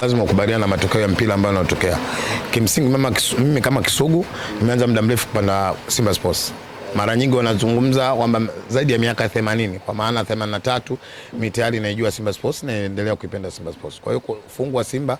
lazima ukubaliana na matokeo ya mpira ambayo yanatokea. Kimsingi mama, mimi kama Kisugu nimeanza muda mrefu kupanda Simba Sports mara nyingi wanazungumza kwamba zaidi ya miaka 80 kwa maana 83 mimi tayari naijua Simba Sports na naendelea kuipenda Simba Sports. Kwa hiyo kufungwa Simba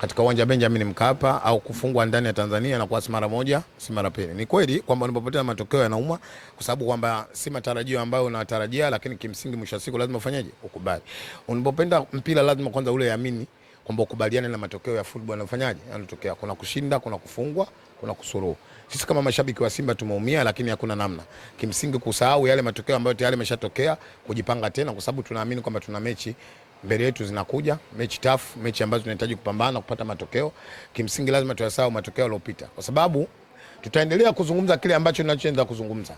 katika uwanja Benjamin Mkapa au kufungwa ndani ya Tanzania na kwa mara moja si mara pili. Ni kweli kwamba unapopotea matokeo yanauma, kwa sababu kwamba si matarajio ambayo unatarajia, lakini kimsingi mwisho wa siku lazima ufanyeje? Ukubali. Unapopenda mpira lazima kwanza ule yaamini kwamba ukubaliane na matokeo ya football yanayofanyaje yanatokea. Kuna kushinda, kuna kufungwa, kuna kusuruhu. Sisi kama mashabiki wa Simba tumeumia, lakini hakuna namna. Kimsingi kusahau yale matokeo ambayo tayari yameshatokea, kujipanga tena, kwa sababu tunaamini kwamba tuna mechi mbele yetu zinakuja, mechi tafu, mechi ambazo tunahitaji kupambana kupata matokeo. Kimsingi lazima tuyasahau matokeo yaliyopita, kwa sababu tutaendelea kuzungumza kile ambacho tunachoenda kuzungumza,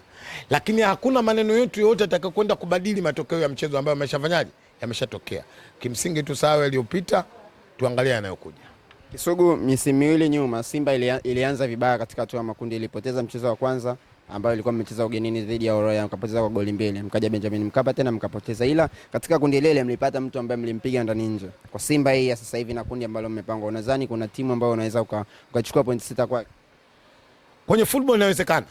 lakini hakuna maneno yetu yote atakayokwenda kubadili matokeo ya mchezo ambayo yameshafanyaje, yameshatokea. Kimsingi tusahau yaliyopita tuangalie yanayokuja. Kisugu, misimu miwili nyuma Simba ilianza vibaya katika hatua ya makundi, ilipoteza mchezo wa kwanza ambayo ilikuwa mmecheza ugenini dhidi ya Oroya mkapoteza kwa goli mbili, mkaja Benjamin Mkapa tena mkapoteza. Ila katika kundi lile mlipata mtu ambaye mlimpiga ndani nje. Kwa Simba hii ya sasa hivi na kundi ambalo mmepangwa, unadhani kuna timu ambayo unaweza ukachukua pointi sita kwa Kwenye football inawezekana,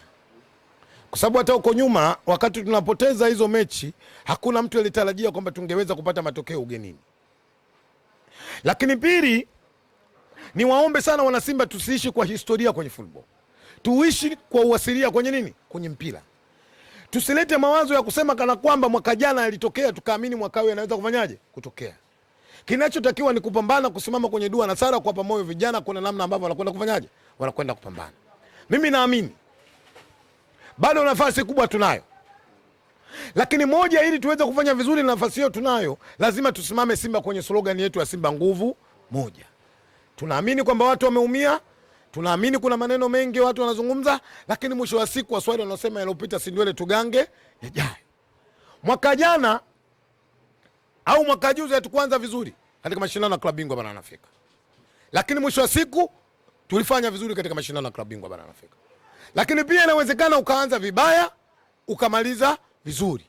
kwa sababu hata huko nyuma wakati tunapoteza hizo mechi hakuna mtu alitarajia kwamba tungeweza kupata matokeo ugenini. Lakini pili, niwaombe sana wanasimba, tusiishi kwa historia kwenye football, tuishi kwa uasilia kwenye nini, kwenye mpira. Tusilete mawazo ya kusema kana kwamba mwaka jana yalitokea tukaamini mwaka huu yanaweza kufanyaje kutokea. Kinachotakiwa ni kupambana, kusimama kwenye dua na sara, kwa pamoja vijana, kuna namna ambavyo wanakwenda kufanyaje, wanakwenda kupambana. Mimi naamini bado nafasi kubwa tunayo lakini moja, ili tuweze kufanya vizuri, na nafasi hiyo tunayo, lazima tusimame Simba kwenye slogan yetu ya Simba nguvu moja. Tunaamini kwamba watu wameumia, tunaamini kuna maneno mengi watu wanazungumza, lakini mwisho wa siku Waswahili wanasema yaliyopita sindwele tugange yajayo. Mwaka jana au mwaka juzi hatukuanza vizuri katika mashindano ya klabu bingwa barani Afrika, lakini mwisho wa siku tulifanya vizuri katika mashindano ya klabu bingwa barani Afrika. Lakini pia inawezekana ukaanza vibaya ukamaliza vizuri,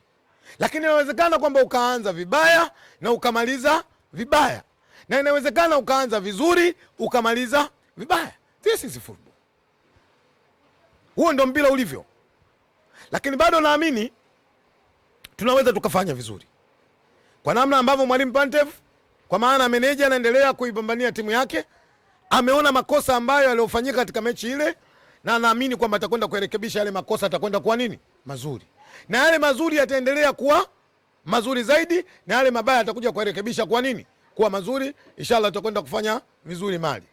lakini inawezekana kwamba ukaanza vibaya na ukamaliza vibaya, na inawezekana ukaanza vizuri ukamaliza vibaya. This is football, huo ndo mpira ulivyo, lakini bado naamini tunaweza tukafanya vizuri kwa namna ambavyo mwalimu Pantev kwa maana meneja anaendelea kuipambania timu yake. Ameona makosa ambayo yaliyofanyika katika mechi ile, na anaamini kwamba atakwenda kurekebisha yale makosa, atakwenda kuwa nini mazuri na yale mazuri yataendelea kuwa mazuri zaidi, na yale mabaya atakuja kuyarekebisha kwa nini kuwa mazuri. Inshallah tutakwenda kufanya vizuri mali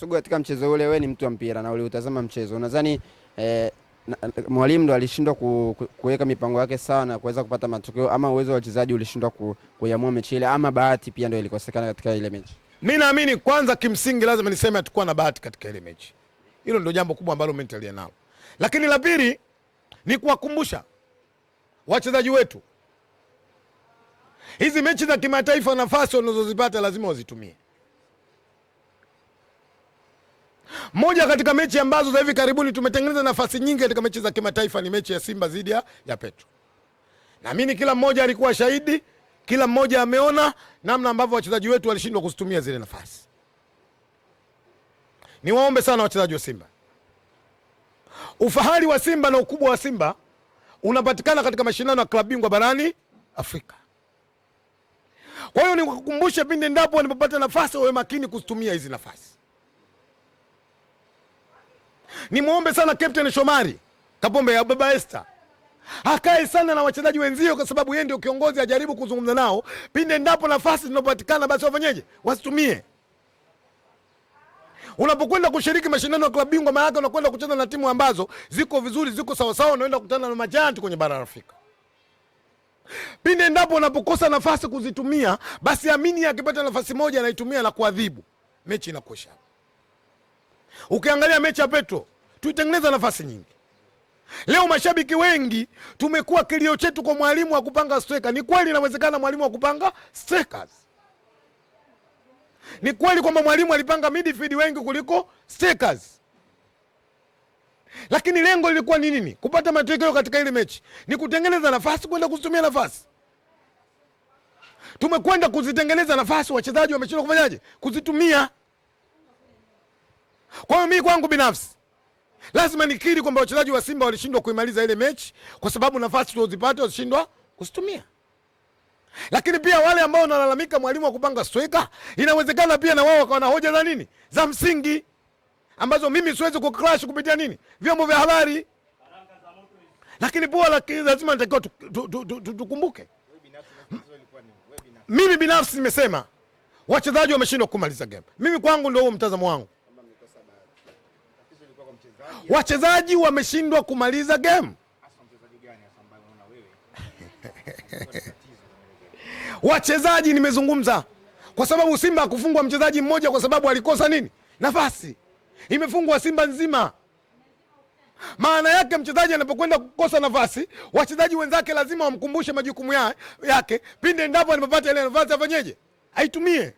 Sugu. Katika mchezo ule, wewe ni mtu wa mpira na uliutazama mchezo, unadhani eh, mwalimu ndo alishindwa kuweka mipango yake sawa na kuweza kupata matokeo, ama uwezo wa wachezaji ulishindwa kuiamua mechi ile, ama bahati pia ndo ilikosekana katika ile mechi? Mi naamini kwanza, kimsingi lazima niseme hatukuwa na bahati katika ile mechi. Hilo ndio jambo kubwa ambalo mimi nitalia nalo, lakini la pili ni kuwakumbusha wachezaji wetu hizi mechi za kimataifa, nafasi unazozipata lazima wazitumie. Moja katika mechi ambazo za hivi karibuni tumetengeneza nafasi nyingi katika mechi za kimataifa ni mechi ya Simba dhidi ya Petro. Naamini kila mmoja alikuwa shahidi, kila mmoja ameona namna ambavyo wachezaji wetu walishindwa kuzitumia zile nafasi. Niwaombe sana wachezaji wa Simba Ufahari wa Simba na ukubwa wa Simba unapatikana katika mashindano ya klabu bingwa barani Afrika. Kwa hiyo nikukumbushe, pindi ndapo wanapopata nafasi wawe makini kuzitumia hizi nafasi. Nimwombe sana Captain Shomari Kapombe ya Baba Esther akae sana na wachezaji wenzio, kwa sababu yeye ndio kiongozi, ajaribu kuzungumza nao pindi ndapo nafasi zinapopatikana, basi wafanyeje? Wasitumie. Unapokwenda kushiriki mashindano ya klabu bingwa, maana yake unakwenda kucheza na timu ambazo ziko vizuri, ziko sawa sawa, unaenda kukutana na majanti kwenye bara la Afrika. Pindi endapo unapokosa nafasi kuzitumia, basi amini, akipata nafasi moja anaitumia na kuadhibu, mechi inakwisha. Ukiangalia mechi ya Petro tuitengeneza nafasi nyingi. Leo mashabiki wengi tumekuwa kilio chetu kwa mwalimu wa kupanga streka. Ni kweli inawezekana mwalimu wa kupanga strikers ni kweli kwamba mwalimu alipanga midfield wengi kuliko strikers, lakini lengo lilikuwa ni nini? Kupata matokeo katika ile mechi ni kutengeneza nafasi, kwenda kuzitumia nafasi. Tumekwenda kuzitengeneza nafasi, wachezaji wameshindwa kufanyaje? Kuzitumia. Kwa hiyo mimi kwangu binafsi lazima nikiri kwamba wachezaji wa Simba walishindwa kuimaliza ile mechi kwa sababu nafasi tulizozipata walishindwa kuzitumia. Lakini pia wale ambao wanalalamika mwalimu wa kupanga sweka, inawezekana pia na wao wakawa na hoja za nini za msingi ambazo mimi siwezi kucrash kupitia nini vyombo vya habari. Lakini laki, lazima nitakiwa tukumbuke, mimi binafsi nimesema wachezaji wameshindwa kumaliza game. Mimi kwangu ndio huo mtazamo wangu, wachezaji wameshindwa kumaliza game. Wachezaji nimezungumza kwa sababu Simba hakufungwa mchezaji mmoja kwa sababu alikosa nini? Nafasi. Imefungwa Simba nzima. Maana yake mchezaji anapokwenda kukosa nafasi, wachezaji wenzake lazima wamkumbushe majukumu ya, yake pinde endapo anapopata ile nafasi afanyeje? Aitumie.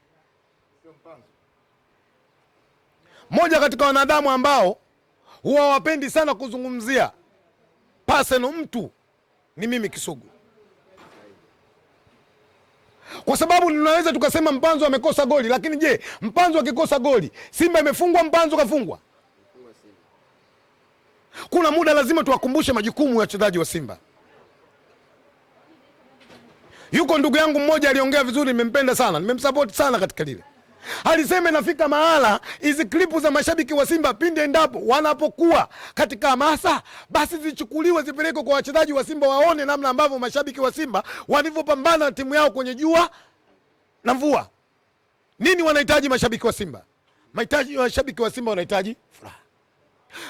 Mmoja katika wanadamu ambao huwa wapendi sana kuzungumzia paseno mtu ni mimi Kisugu kwa sababu tunaweza tukasema Mpanzo amekosa goli, lakini je, Mpanzo akikosa goli Simba imefungwa? Mpanzo kafungwa? Kuna muda lazima tuwakumbushe majukumu ya wachezaji wa Simba. Yuko ndugu yangu mmoja aliongea vizuri, nimempenda sana, nimemsapoti sana katika lile Alisema inafika mahala hizi klipu za mashabiki wa Simba pindi endapo wanapokuwa katika hamasa, basi zichukuliwe zipelekwe kwa wachezaji wa Simba waone namna ambavyo mashabiki wa Simba walivyopambana na timu yao kwenye jua na mvua. Nini wanahitaji mashabiki wa Simba? Mahitaji mashabiki wa Simba wanahitaji furaha.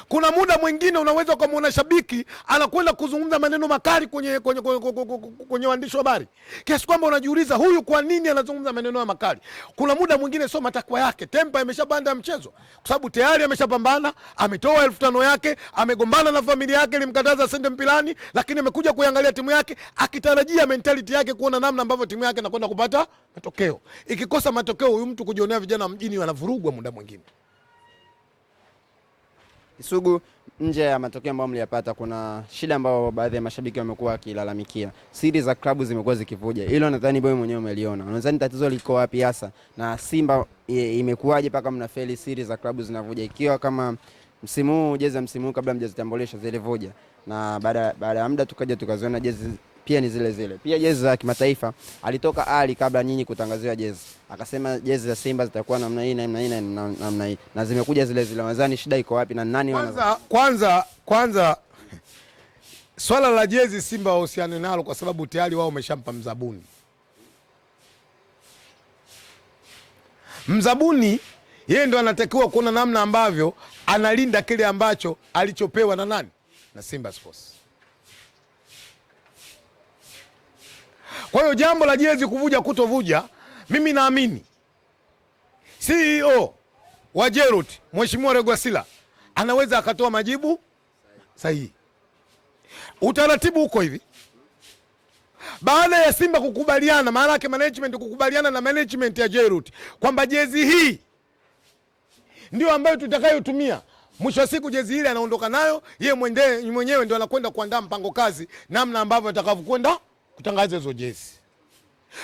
Kuna muda mwingine unaweza ukamwona shabiki anakwenda kuzungumza maneno makali kwenye kwenye, kwenye, kwenye, kwenye kwenye waandishi wa habari kiasi kwamba unajiuliza huyu kwa nini anazungumza maneno ya makali. Kuna muda mwingine sio matakwa yake, tempa imeshapanda ya mchezo, kwa sababu tayari ameshapambana, ametoa elfu tano yake, amegombana na familia yake, ilimkataza asende mpilani, lakini amekuja kuiangalia timu yake akitarajia mentality yake kuona namna ambavyo timu yake inakwenda kupata matokeo. Ikikosa matokeo, huyu mtu kujionea vijana mjini wanavurugwa muda mwingine. Kisugu, nje ya matokeo ambayo mliyapata, kuna shida ambayo baadhi ya mashabiki wamekuwa wakilalamikia, siri za klabu zimekuwa zikivuja. Hilo nadhani boy mwenyewe umeliona, unadhani tatizo liko wapi hasa, na Simba e, imekuwaje mpaka mnafeli siri za klabu zinavuja, ikiwa kama msimu huu jezi ya msimu huu kabla mjazitambulisha zilivuja, na baada ya muda tukaja tukaziona jezi pia ni zile zile. Pia jezi za kimataifa alitoka Ali kabla nyinyi kutangaziwa jezi, akasema jezi za Simba zitakuwa namna hii namna hii namna hii, na zimekuja zile zile. Wazani shida iko wapi na nani? Kwanza kwanza kwanza swala la jezi Simba wahusiane nalo kwa sababu tayari wao wameshampa mzabuni. Mzabuni yeye ndo anatakiwa kuona namna ambavyo analinda kile ambacho alichopewa na nani na Simba Sports. Kwa hiyo jambo la jezi kuvuja kutovuja, mimi naamini CEO wa Jerut Mheshimiwa Regwasila anaweza akatoa majibu sahihi. Utaratibu huko hivi, baada ya Simba kukubaliana, maana yake management kukubaliana na management ya Jerut kwamba jezi hii ndio ambayo tutakayotumia mwisho wa siku jezi ile anaondoka nayo yeye mwenyewe, ndio anakwenda kuandaa mpango kazi namna ambavyo atakavyokwenda kutangaza hizo jezi.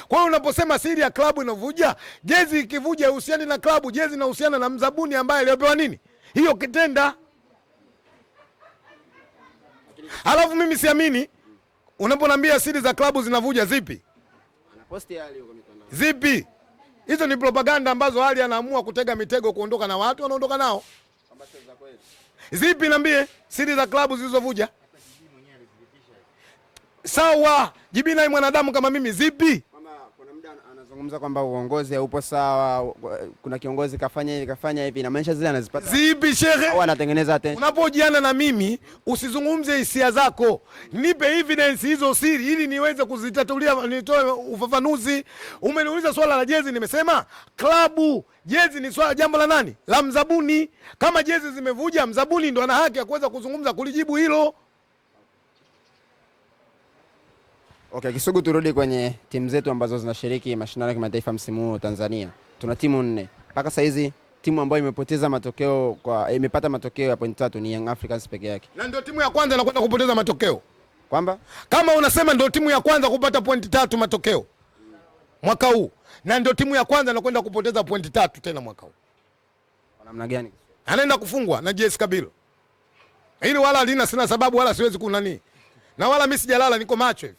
Kwa hiyo unaposema siri ya klabu inavuja, jezi ikivuja husiani na klabu, jezi inahusiana na mzabuni ambaye aliyopewa nini hiyo kitenda. alafu mimi siamini unaponambia siri za klabu zinavuja. Zipi zipi? Hizo ni propaganda ambazo hali anaamua kutega mitego, kuondoka na watu wanaondoka nao. Zipi niambie siri za klabu zilizovuja? sawa. Jibina mwanadamu kama mimi zipi? Kuna anazungumza kwamba uongozi haupo sawa, kuna kiongozi kafanya hivi kafanya hivi, inamaanisha zile anazipata zipi shehe, au anatengeneza tena. Unapojiana na mimi usizungumze hisia zako, nipe evidence hizo siri ili niweze kuzitatulia, nitoe ufafanuzi. Umeniuliza swala la jezi, nimesema klabu jezi ni swala jambo la nani la mzabuni. Kama jezi zimevuja, mzabuni ndo ana haki ya kuweza kuzungumza kulijibu hilo. Okay, Kisugu, turudi kwenye timu zetu ambazo zinashiriki mashindano ya kimataifa msimu huu Tanzania. Tuna timu nne mpaka sasa hizi timu ambayo imepoteza matokeo kwa imepata matokeo ya point tatu ni Young Africans peke yake. Na ndio timu ya kwanza inakwenda kupoteza matokeo. Kwamba kama unasema ndio timu ya kwanza kupata point tatu matokeo mwaka huu na ndio timu ya kwanza inakwenda kupoteza point tatu tena mwaka huu. Kwa namna gani? Anaenda kufungwa na JS Kabilo. Hili wala lina sina sababu wala siwezi kunani. Na wala mimi sijalala niko macho hivi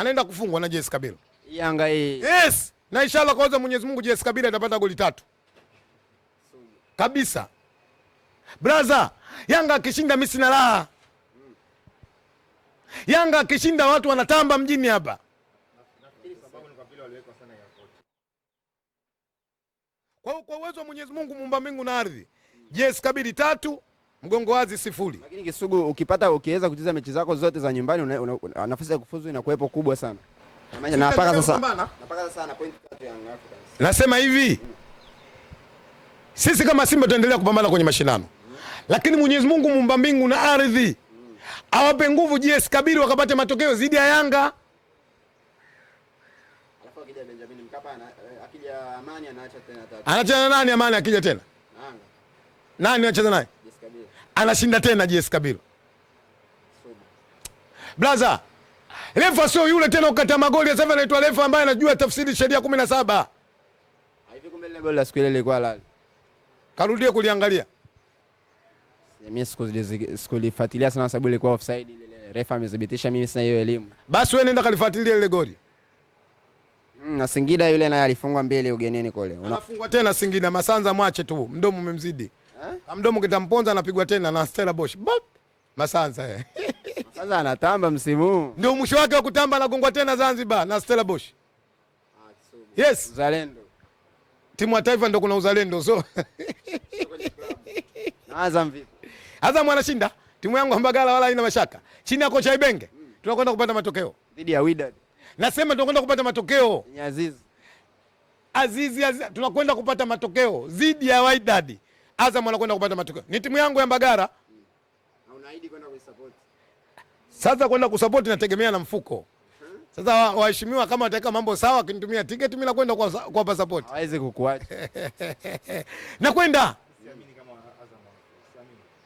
anaenda kufungwa na JS Kabila. Yanga hii. Yes, na inshallah kwa Mwenyezi Mungu JS Kabila atapata goli tatu kabisa. Braza, Yanga akishinda mimi sina raha. Yanga akishinda watu wanatamba mjini hapa. Kwa kwa uwezo wa Mwenyezi Mungu muumba mbingu na ardhi, JS Kabili tatu mgongo wazi sifuri. Lakini Kisugu, ukipata ukiweza kucheza mechi zako zote za nyumbani, una, nafasi ya kufuzu inakuwepo kubwa sana. Na paka sasa, na mpaka sasa na point tatu ya Africans. Nasema hivi hmm. Sisi kama Simba tunaendelea kupambana kwenye mashindano hmm. Lakini Mwenyezi Mungu muumba mbingu na ardhi hmm. awape nguvu JS Kabiri wakapate matokeo zidi ya Yanga anacheza eh, nani? Amani akija tena nani anacheza naye? anashinda tena JS Kabila. Blaza, refa sio yule tena ukata magoli ya sasa, anaitwa refa ambaye anajua tafsiri sheria kumi na saba. Karudia kuliangalia. Mimi sikulifuatilia sana sababu ilikuwa offside ile. Refa amethibitisha, mimi sina hiyo elimu. Basi wewe nenda kalifuatilia ile goli. Mm, na Singida yule naye alifungwa mbili ugenini kule. Unafungwa tena Singida, Masanza mwache tu, mdomo umemzidi eh? Mdomo kitamponza anapigwa tena na Stella Bosch. Bop. Masanza. Eh. Sasa anatamba msimu. Ndio mwisho wake wa kutamba anagongwa tena Zanzibar na Stella Bosch. Ah, yes. Uzalendo. Timu ya taifa ndio kuna uzalendo so. Azam vipi? Azam anashinda. Timu yangu Mbagala wala haina mashaka. Chini ya kocha Ibenge. Mm. Tunakwenda kupata matokeo. Dhidi ya Wydad. Nasema tunakwenda kupata matokeo. Azizi. Azizi, Azizi. Tunakwenda kupata matokeo dhidi ya Wydad. Azam anakwenda kupata matokeo. Ni timu yangu ya Mbagara. Haunaahidi kwenda kuisupport. Sasa kwenda kusupport inategemea na mfuko. Sasa waheshimiwa kama wataweka mambo sawa kinitumia tiketi mimi nakwenda kwa kwa support. Hawezi kukuacha. Nakwenda.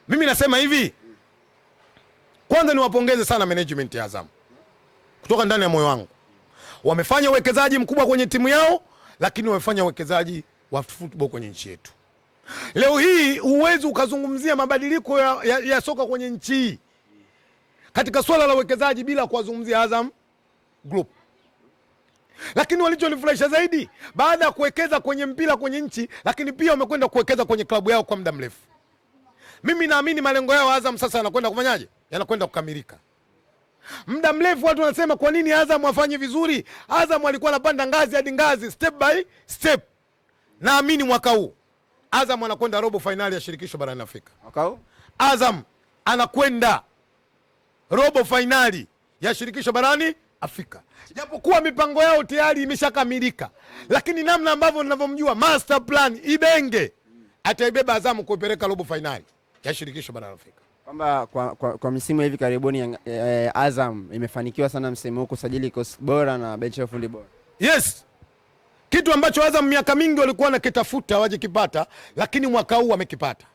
Mimi nasema hivi. Kwanza niwapongeze sana management ya Azam. Kutoka ndani ya moyo wangu. Wamefanya uwekezaji mkubwa kwenye timu yao, lakini wamefanya uwekezaji wa football kwenye nchi yetu. Leo hii huwezi ukazungumzia mabadiliko ya, ya, ya soka kwenye nchi hii katika swala la uwekezaji bila kuwazungumzia Azam Group. Lakini walichonifurahisha zaidi, baada ya kuwekeza kwenye mpira kwenye nchi, lakini pia wamekwenda kuwekeza kwenye klabu yao kwa muda mrefu. Mimi naamini malengo yao Azam sasa yanakwenda kufanyaje? Yanakwenda kukamilika. Muda mrefu watu wanasema kwa nini Azam afanye vizuri? Azam alikuwa anapanda ngazi hadi ngazi, step by step. Naamini mwaka huu Azam anakwenda robo fainali ya shirikisho barani Afrika. Okay. Azam anakwenda robo fainali ya shirikisho barani Afrika, japokuwa mipango yao tayari imeshakamilika, lakini namna ambavyo ninavyomjua master plan Ibenge ataibeba Azamu kuipeleka robo fainali ya shirikisho barani Afrika kwamba kwa, kwa, kwa misimu hivi karibuni eh, eh, Azam imefanikiwa sana msimu huu kusajili kosi bora na benchi ya ufundi bora. Yes, kitu ambacho Azam miaka mingi walikuwa nakitafuta wajikipata, lakini mwaka huu wamekipata.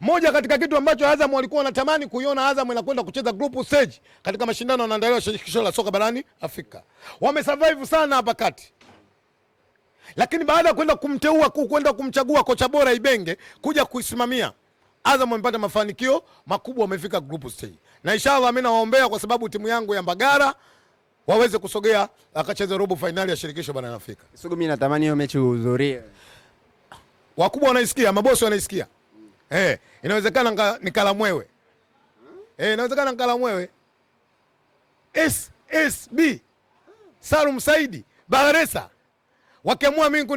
Moja katika kitu ambacho Azam walikuwa wanatamani kuiona Azam inakwenda kucheza group stage katika mashindano yanaandaliwa shirikisho la soka barani Afrika. Wamesurvive sana hapa kati, lakini baada ya kwenda kumteua kwenda kumchagua kocha bora Ibenge kuja kuisimamia Azam amepata mafanikio makubwa, wamefika group stage, na inshallah mimi nawaombea kwa sababu timu yangu ya Mbagara waweze kusogea akacheze robo fainali ya shirikisho barani Afrika. Sugu, mimi natamani hiyo mechi uhudhurie. Wakubwa wanaisikia, mabosi wanaisikia. Mm. Eh, inawezekana nikalamwewe. Mm. Eh, inawezekana nikalamwewe. SSB Salum Saidi Bagaresa wakiamua mimi